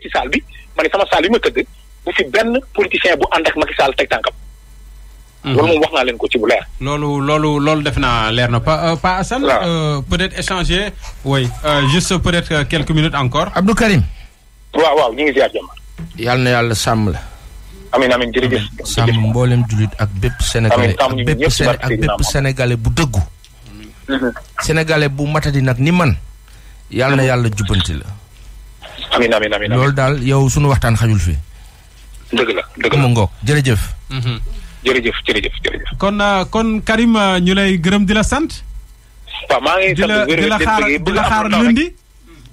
ci saal bi ma ne sama saal yi ma tëdd bu fi benn politicien bu ànd ma Macky Sall teg tànkam. Mhm. loolu moom wax naa leen ko ci bu leer. loolu loolu loolu def naa leer na Pa euh, Pa Assane. Euh, peut-être échanger. woy euh, juste peut-être quelques minutes encore. Abdou Karim. waaw waaw ngi ziar yal na yàlla sàmm la. amiin amiin jërëjëf. sàmm mboolem jullit ak bépp sénégalais ak bépp séné bu dëggu. Mhm. sénégalais bu matadi nag ni man. yal na mhm. yàlla jubbanti la. amiin amiin amiin loolu daal yow sunu waxtaan xajul fi. dëgg la dëgg la mu ngoog mhm. jërëjëf. jërëjëf jërëjëf kon euh, kon Karim euh, ñu lay gërëm di la sant. waaw maa ngi sant di la xaar di la xaar lundi.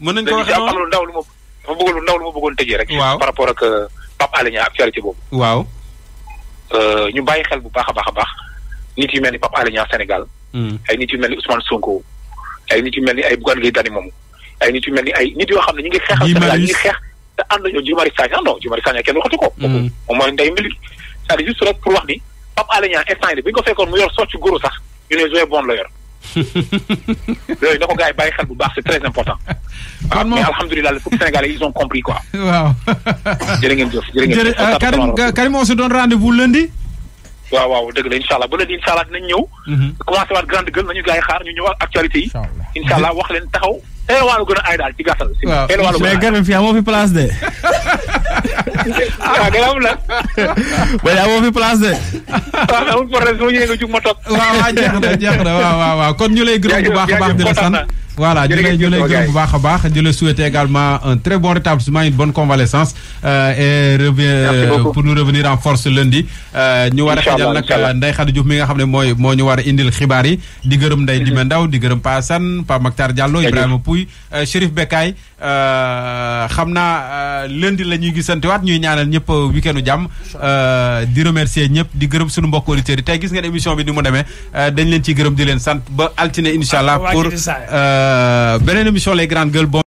mën nañu ko waxee noonu ndaw lu ma dafa tëjee rek. waaw par rapport ak euh, Pape Alé boobu. waaw. ñu bàyyi xel bu baax a baax a baax nit yu mel ni Pape Alé Niang Sénégal. Hmm. ay nit yu mel ni Ousmane Sonko ay nit yu mel ni ay Bougane Gueye Dany moomu. ay nit yu mel ni ay nit yoo xam ne ñu ngi xeexal Sénégal ñu ngi xeex te ànd nañu Guy Marius Sagna non Guy Marius Sagna kenn waxatu ko mm. moom mooy ndey mbili cest à juste rek pour wax ni Pape Alé Niang instant yi ñu ko fekkoon mu yor socc goro sax ñu ne joué bon la yor yooyu na ko gars yi bàyyi xel bu baax c'est très important waaw mais alhamdulilah le peuple sénégalais ils ont compris quoi waaw jërë ngeen jëf jërë ngeen jëf euh, Karim Karim on se donne rendez-vous waaw waaw dëgg la incha allah ba léegi incha allah dinañ ñëw mm-hmm. commencé waat grande gueule nañu gars yi xaar ñu ñëw ak actualité yi incha allah wax leen taxaw xëy waalo gën a ay daal ci gàttal. waaw mais gerte fi place de. Ah, a waaw ah, amul problème su waaw kon ñu lay gërëm baax a baax di la voilà ñu lay ñu lay gërëm baax a baax di la souhaiter également un très bon rétablissement une bonne convalescence euh, et revient euh, pour nous revenir en force lundi euh, ñu war a xajal nag Ndeye Khady Diouf mi nga xam ne mooy moo ñu war a indil xibaar yi di gërëm Ndeye Dime Ndaw di gërëm Pa Assane Pa Mactar Diallo Ibrahima Pouy Chérif Bekaay xam naa lundi la ñuy gisantewaat ñuy ñaanal ñëpp week-endu jàmm di remercier ñëpp di gërëm sunu mbokk auditeurs yi tey gis nga émission bi ni mu demee dañ leen ciy gërëm di leen sant ba altine incha allah Euh, beneen émission les grandes gueules